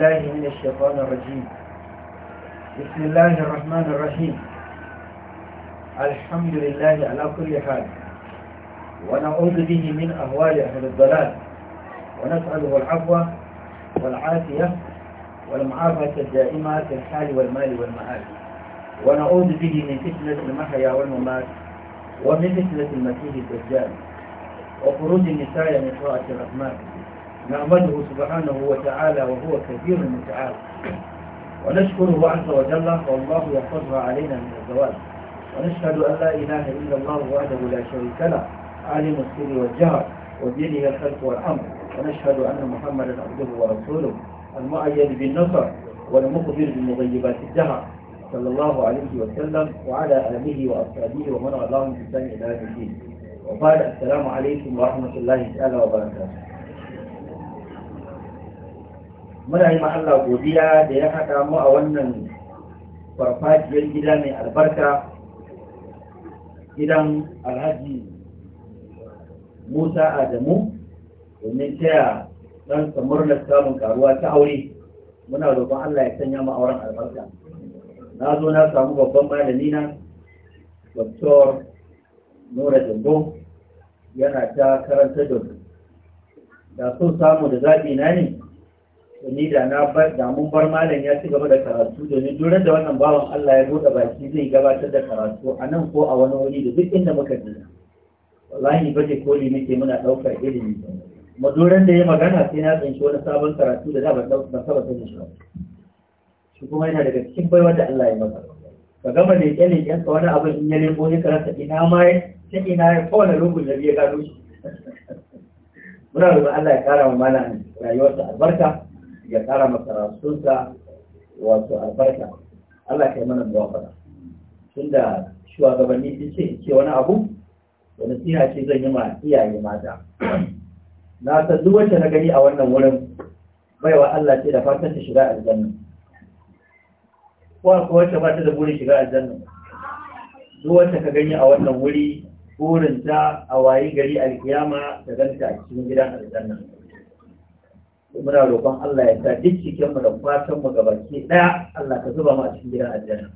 بالله من الشيطان الرجيم بسم الله الرحمن الرحيم الحمد لله على كل حال ونعوذ به من أهوال أهل الضلال ونسأله العفو والعافية والمعافاة الدائمة في الحال والمال والمآل ونعوذ به من فتنة المحيا والممات ومن فتنة المسيح الدجال وخروج النساء من طاعة الرحمن نعمده سبحانه وتعالى وهو كثير متعال ونشكره عز وجل والله يحفظها علينا من الزوال ونشهد أن لا إله إلا الله وحده لا شريك له عالم السر والجهر ودينه الخلق والأمر ونشهد أن محمدا عبده ورسوله المؤيد بالنصر والمخبر بمغيبات الدهر صلى الله عليه وسلم وعلى آله وأصحابه ومن والاهم بإحسان إلى يوم الدين وقال السلام عليكم ورحمة الله تعالى وبركاته muna yi Allah godiya da ya haɗa mu a wannan farfajiyar gida mai albarka gidan alhaji musa adamu domin taya ɗan murnar samun karuwa ta aure muna roƙon Allah ya sanya mu auren albarka na zo na samu babban malami na Dr. Nura Jambo yana ta karanta da da so samu da zaɓi na ne ni da na da mun bar malam ya ci gaba da karatu domin duran da wannan bawan Allah ya buɗe baki zai gabatar da karatu a nan ko a wani wuri da duk inda muka je wallahi ba ce koli nake muna ɗaukar ilimi kuma duran da ya magana sai na tsinci wani sabon karatu da da ba saba sani shi shi kuma yana daga cikin baiwar da Allah ya maka ka gama da yake leƙen ka wani abin in ya lebo ya karanta ina ma ya ta ina ya kowane lungun da ya gano shi muna roƙon Allah ya kara wa malam rayuwarsa albarka ya kara masarautunsa, wato albarka Allah kai mana muwafaka da shugabanni sun ce in ce wani abu wani siya ce zan yi ma iyaye mata na san duk wacce na gani a wannan wurin baiwa Allah ce da fatan ta shiga aljanna ko ko wacce ba ta da burin shiga aljanna duk wacce ka gani a wannan wuri burin ta a wayi gari alkiyama ta ganta a cikin gidan aljanna muna roƙon Allah ya sa duk cikin mu da fatan mu baki daya Allah ka zuba mu a cikin gidan aljanna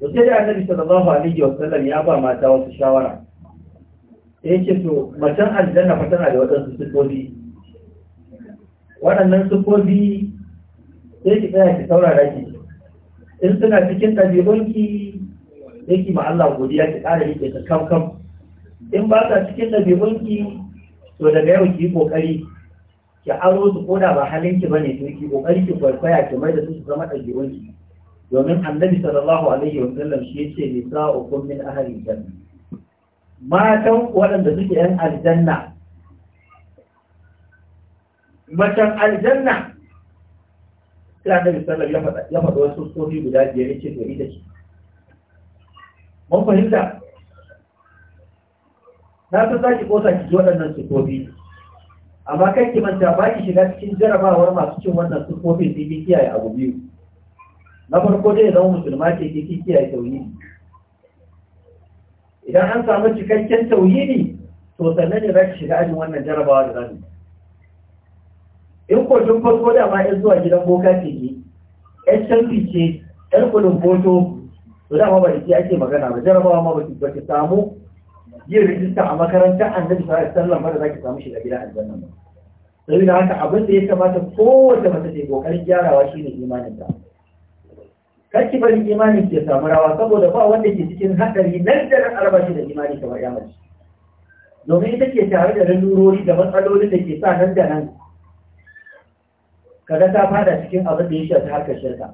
to sai da annabi sallallahu alaihi wa sallam ya ba mata wasu shawara sai ce to macen aljanna fa tana da wadansu sifofi waɗannan sifofi sai ki tsaya ki saurara ki in suna cikin ɗabi'unki sai ki ma Allah godiya ki ƙara yake ta kam kam in ba ta cikin ɗabi'unki to daga yau ki yi ƙoƙari ki aro su ko da ba halin ki bane to ki kokari ki kwaikwaya ki mai da su zama ɗabi'un ki domin annabi sallallahu alaihi wa sallam shi yace nisa'ukum min ahli janna matan waɗanda suke yan aljanna macen aljanna sai annabi sallallahu ya faɗa wasu sofi guda biyar yace to da shi. mun fahimta na san zaki kosa ki ji waɗannan sofofi amma kan ki manta ba ki shiga cikin jarabawar masu cin wannan sufofin da ke kiyaye abu biyu na farko dai zama musulma ce ke kiyaye tauhidi idan an samu cikakken tauhidi to sannan ne za ki shiga ajin wannan jarabawa da zamu in ko tun farko da ma yan zuwa gidan boka ce ke yan canfi ce yan kulun boto to dama ba da ake magana ba jarabawa ma ba ki samu yin rijista a makaranta annabi sallallahu alaihi wasallam ba da zaki samu shiga gida aljanna ba saboda haka abin da ya kamata kowace mace ta kokarin gyarawa shine imanin ta kake bari imanin ke samu rawa saboda ba wanda ke cikin hadari nan da nan arba shi da imani kamar ya mace domin ita ke tare da lalurori da matsalolin da ke sa nan da nan kaga ta fada cikin abin da ya shafi harkar shirka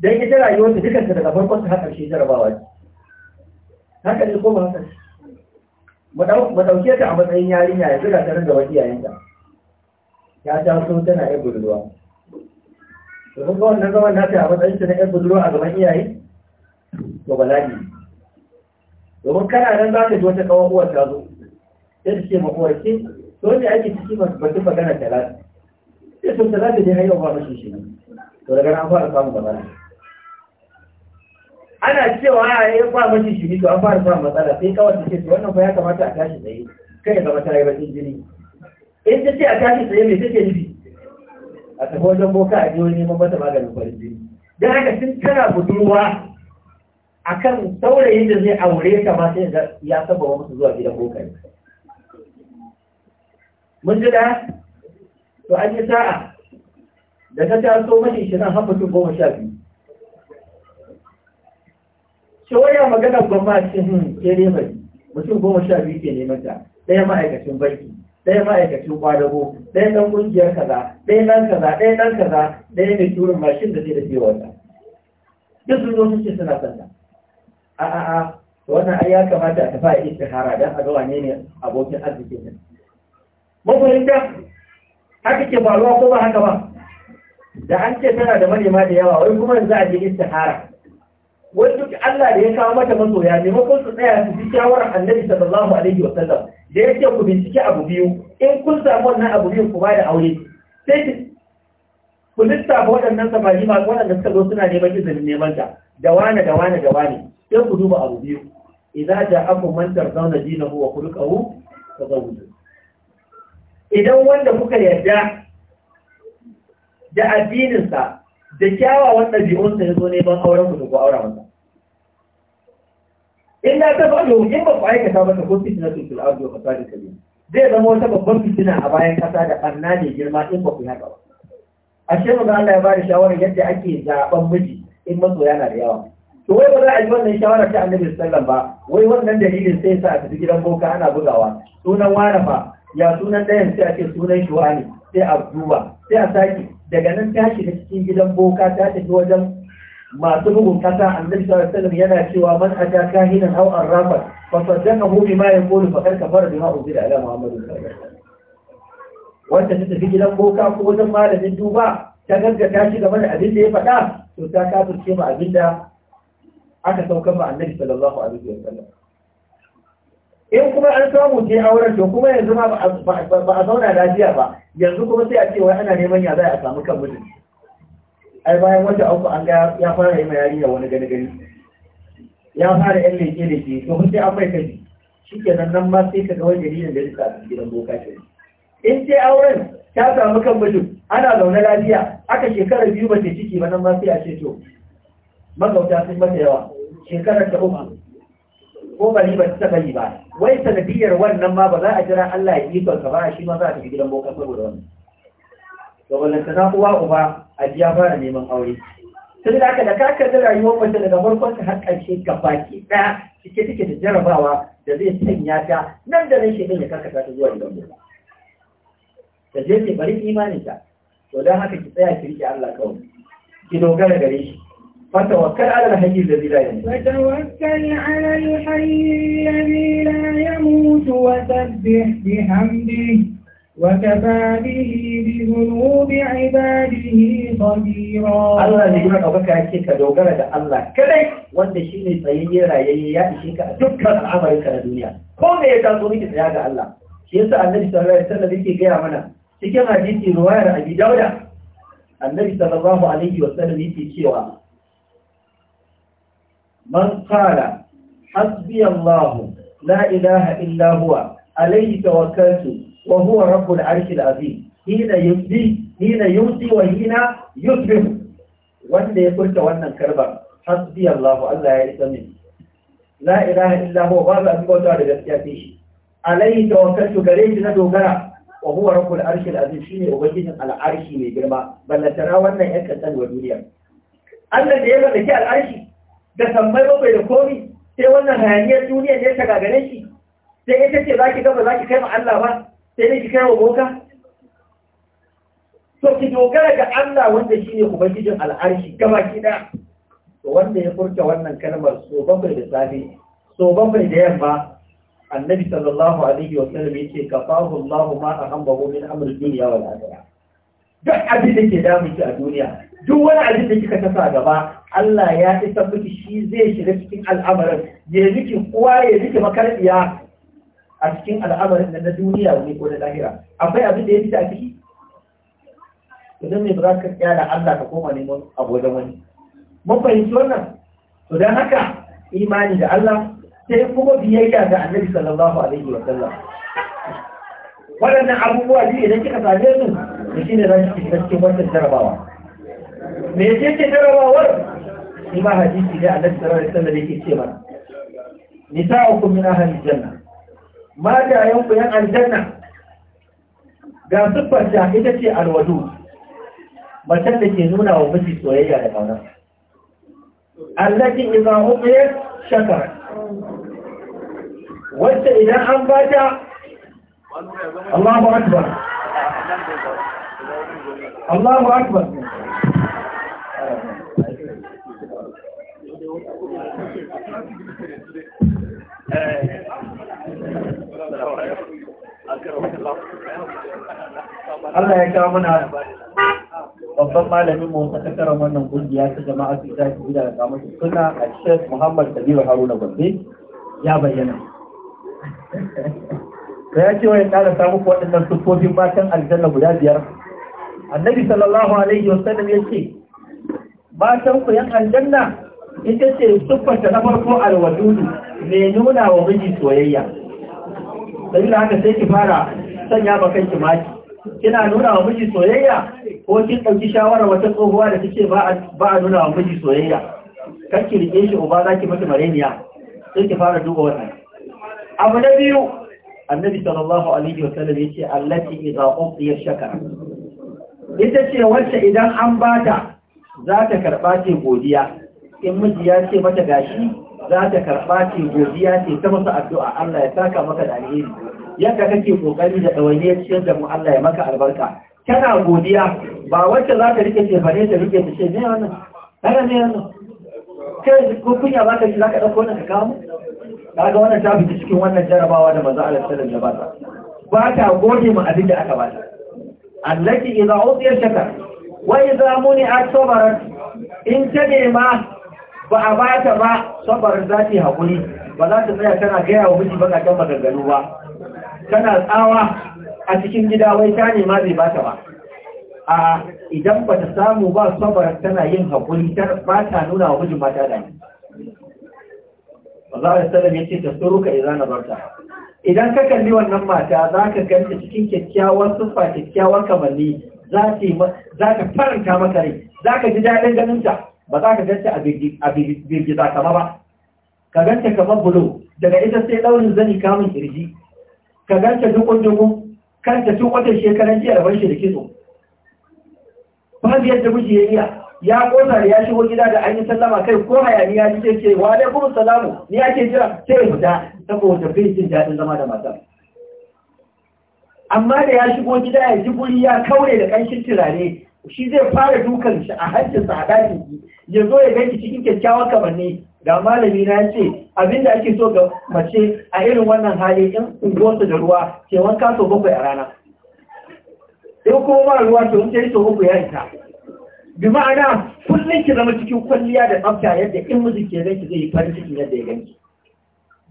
dan ita rayuwarta dukanta daga farkon ta har ƙarshe jarabawa ce haka ne ko ba haka mu ɗauke ta a matsayin yarinya ya zira ta rinda wasu iyayenta ya ta so tana yan budurwa to kun ga wannan zaman na a matsayin ta na yan budurwa a gaban iyaye to bala'i domin kana nan za ka ji wata kawo uwar ta zo sai ta ce ma uwar ki to ne ake ciki batun magana talata sai to talata dai har yau ba mashi shi to daga nan an samu gaba gabana ana cewa ya yi ba mashi shiri to an fara samun matsala sai kawai da ce wannan fa ya kamata a tashi tsaye kai ya zama tare bakin jini in ta ce a tashi tsaye mai take nufi a tafi wajen boka a je neman mata maganin farin jini don haka sun tana budurwa a kan saurayin da zai aure ta ma sai ya saba wa musu zuwa gidan boka ne, mun ji da to an yi sa'a da ta taso mashi shirin haɓa goma sha biyu shawaya magana gwamma cikin hin ke mai mutum goma sha biyu ke neman ta ɗaya ma'aikacin banki ɗaya ma'aikacin kwadago ɗaya ɗan ƙungiyar kaza ɗaya ɗan kaza ɗaya ɗan kaza ɗaya mai turin mashin da zai da cewa ta duk sun zo sun ce suna sanda a a a wannan ai ya kamata a tafi a shahara don a ga wane ne abokin arzikin nan mafahimta haka ke faruwa ko ba haka ba da an ce tana da manema da yawa wai kuma yanzu a je istihara Wani duk Allah da ya kawo mata masoya makon su tsaya su bi shawarar annabi sallallahu alaihi wa sallam da ya ce ku bincike abu biyu in kun samu wannan abu biyu ku bada aure sai ku lissafa waɗannan samari ma waɗanda suka zo suna neman izinin neman ta da wane da wane da wane sai ku duba abu biyu idza ja'akum man tardawna dinahu wa khuluquhu fazawwiju idan wanda kuka yarda da addininsa da kyawawan ɗabi'unsa ya zo ban auren ku ku aura wanda. in na ta faɗo in ba ku aikata masa ko fitina su fil ardu fa sadi kabi zai zama wata babban fitina a bayan kasa da ɓanna ne girma in ba ku yaka ba ashe mu Allah ya bada shawara yadda ake zaɓen miji in maso na da yawa to wai ba za a yi wannan shawara ta annabi sallallahu ba wai wannan dalilin sai sa a tafi gidan boka ana bugawa sunan warafa ya sunan ɗayan sai a ce sunan shuwa ne, sai a duba sai a sake daga nan ta shiga cikin gidan boka ta tafi wajen masu bugun kasa annabi sallallahu alaihi yana cewa man ata kahinan aw arrafa fa saddaqahu bima yaqulu faqad kafara bima unzila ala muhammadin sallallahu alaihi wanda ta tafi gidan boka ko wajen malamin duba ta gaggata shi game da abin da ya faɗa to ta kafirce ma abin da aka saukar ma annabi sallallahu alaihi wasallam in kuma an samu ce auren to kuma yanzu ma ba a zauna lafiya ba yanzu kuma sai a ce wai ana neman ya za a samu kan mutum ai bayan wata uku an ga ya fara yi yariya wani gani gani ya fara yan leke leke to kun sai an bai kaji ke nan ma sai ka ga wani dalilin da suka a gidan boka ce in sai auren ta samu kan mutum ana zaune lafiya aka shekara biyu ba ta ciki ba nan ma sai a ce to magauta sun mata yawa shekarar ta uku ko bari ba ta bari ba wai sanadiyar wannan ma ba za a jira Allah ya yi ka ba shi ma za a tafi gidan bokan saboda wannan to ta na uwa uba a ji fara neman aure sai da aka da ka kalli rayuwar mace daga farkon ka har ƙarshe ka baki ɗaya cike take da jarabawa da zai sanya ta nan da nan shekin ya karkata ta zuwa gidan bokan da je ki bari imanin ta to dan haka ki tsaya ki rike Allah kawai ki dogara gare shi فتوكل على الحي الذي لا يموت فتوكل على الحي الذي لا يموت وسبح بحمده وكفى به بذنوب عباده خبيرا الله ne kuma ɗaukaka ya ce ka dogara da Allah kadai wanda shi ne tsayayye rayayye ya ishe ka a dukkan al'amarinka na duniya ko me ya taso miki tsaya ga Allah shi yasa annabi sallallahu alaihi wasallam yake gaya mana cikin hadisi riwayar Abi Dawud annabi sallallahu alaihi wasallam yake cewa من قال حسبي الله لا إله إلا هو عليه توكلت وهو رب العرش العظيم حين يمضي حين يمضي وحين يصبح wanda ya furta wannan karba hasbi Allah Allah ya isa min la ilaha illa huwa babu abin bauta da gaskiya fi shi alaihi tawakkaltu gare shi na dogara wa huwa rabbul arshil azim shine ubangijin al'arshi mai girma ballatara wannan yan kasan wa duniya Allah da ya mallaki al'arshi da sammai bai da komi sai wannan hayaniyar duniya ne ta gagare shi sai ita ce za ki gaba za ki kai ma Allah ba sai ne ki kai wa boka to ki dogara ga Allah wanda shi ne ubangijin al'arshi gaba ki da to wanda ya furta wannan kalmar so bai da safe so bai da yamma annabi sallallahu alaihi wa sallam yake kafahu Allahu ma ahambahu min amr dunya wal akhirah duk abin da ke damu ki a duniya duk wani abin da kika tasa gaba Allah ya isa miki shi zai shiga cikin al'amarin ya miki kowa ya miki makarfiya a cikin al'amarin da na duniya ne ko na lahira akwai abin da ya fi a ciki idan mai ba ka tsaya da Allah ka koma neman abu wajen wani mun fahimci wannan to dan haka imani da Allah sai kuma biyayya ga Annabi sallallahu alaihi wa sallam waɗannan abubuwa biyu idan kika same su da shine za ki cikin wannan jarabawa me yake jarabawar shi ma hadisi da annabi sallallahu alaihi wasallam yake cewa. mana nisa'ukum min ahli janna yan ku yan aljanna ga siffar ta ita ce alwadu macen da ke nuna wa miji soyayya da kauna allati idza uqiyat shakara wacce idan an bata Allahu akbar Allahu akbar Allah ya kawo mana babban malamin mu ta tara wannan kungiya ta jama'a su ta fi daga kamar suna a Sheikh Muhammad Kabiru Haruna Gombe ya bayyana. Ka ya ce wa ya ƙara samu waɗannan sufofin matan aljanna guda biyar. Annabi sallallahu alaihi wasallam ya ce, Matan ku yan aljanna ita ce siffarta na farko alwadudu mai nuna wa miji soyayya dalilin haka sai ki fara sanya bakan kanki maki kina nuna wa miji soyayya ko kin ɗauki shawara wata tsohuwa da kike ba a nuna wa miji soyayya kan ki rike shi uba zaki mata mareniya sai ki fara duba wannan abu na biyu annabi sallallahu alaihi wa sallam yace allati idza uqiya shakara ita ce wacce idan an bata za ta karba ce godiya in miji ya ce mata gashi za ta karɓa ce godiya ce ta masa addu'a Allah ya saka maka da alheri yadda kake ƙoƙari da ɗawainiyar ciyar da mu Allah ya maka albarka kana godiya ba wacce za ta rike cefane ta rike ta ce ne wannan haka ne wannan kai ko kunya ba ka ce za ka ɗauko wannan ka kawo ga wannan ta fita cikin wannan jarabawa da maza Allah da ba ta, ba ta gode mu abin da aka ba ta allati idza udiya shakar wa idza muni'at sabarat in ta ne nema ba a bata ba sabarin za ta yi haƙuri ba za ta tsaya tana gaya wa miji bakakken maganganu ba tana tsawa a cikin gida wai ta nema ba bata ba a idan ba ta samu ba sabarin tana yin haƙuri ba ta nuna wa mijin mata da ni. ba za a sallam ya ce ta suruka idan na barta idan ka kalli wannan mata za ka ganta cikin kyakkyawar siffa kyakkyawar kamanni za ka faranta maka rai za ka ji daɗin ganinta ba za ka ganta a birgiza kama ba ka gance kamar bulo daga ita sai daunin zani kamun kirji ka ganta dukun Kan kanta tun watan shekaran jiya da shi da kitso babu yadda miji ya iya ya kosa da ya shigo gida da an yi sallama kai ko hayaniya ji sai ce wa alaikum salamu ni ake jira sai fita saboda bai jin daɗin zama da matar amma da ya shigo gida ya ji guri ya kaure da ƙanshin turare shi zai fara dukan shi a sa a ɗakin ki ya zo ya ganki cikin kyakkyawan kamanni da malami na ce abin da ake so ga mace a irin wannan hali in unguwarsa da ruwa ke wanka sau bakwai a rana in kuma ba ruwa ke yi sau bakwai ya isa bi ma'ana kullum ki zama cikin kwalliya da tsafta yadda in miji ke ganki zai yi farin ciki yadda ya ganki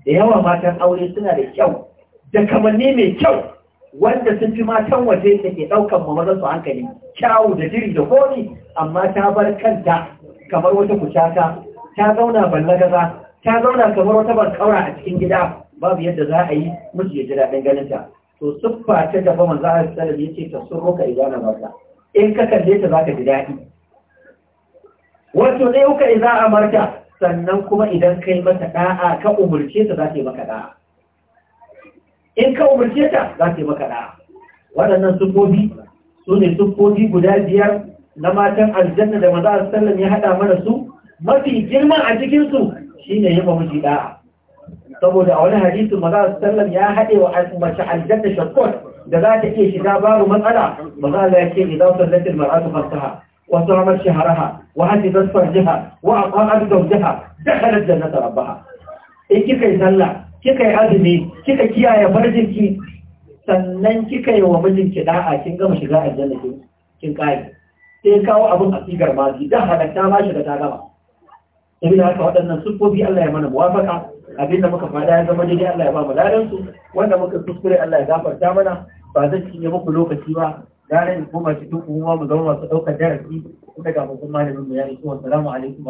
da yawa matan aure suna da kyau da kamanni mai kyau wanda sun fi matan waje da ke ɗaukan ma su hankali kyawu da jiri da komi amma ta bar kanta kamar wata kucaka ta zauna ballagaza ta zauna kamar wata barkaura a cikin gida babu yadda za a yi musu ya ji daɗin ganinta to siffa ta gaba za a sallallahu alaihi yace ta ka idan na barka in ka kalle ta ka ji daɗi wato dai uka a Marta sannan kuma idan kai mata ɗa'a ka umurce ta za ta yi maka ɗa'a. in ka umarce ta za ta yi maka da'a waɗannan sukobi su ne sukobi guda biyar na matan aljanna da maza sallam ya haɗa mana su mafi girma a cikinsu shi ne yi mamaji da'a saboda a wani hadisi maza sallam ya haɗe wa mace aljanna shakkot da za ta iya shiga babu matsala maza Allah ya ce su sallatin mar'atu fasaha jiha, شهرها وحفظت jiha, da زوجها na جنه In kika yi Sallah? kika yi azumi kika kiyaye farjinki sannan kika yi wa mijinki da'a kin gama shiga aljanna kin kin kai sai kawo abin a sigar da dan ba shi da ta gama idan haka waɗannan sifofi, Allah ya mana muwafaka abin da muka fada ya zama dai Allah ya ba mu ladan su wanda muka kuskure Allah ya gafarta mana ba zan cinye muku lokaci ba ranar kuma cikin kuma mu zama masu ɗaukar darasi daga hukumar da mu ya yi assalamu alaikum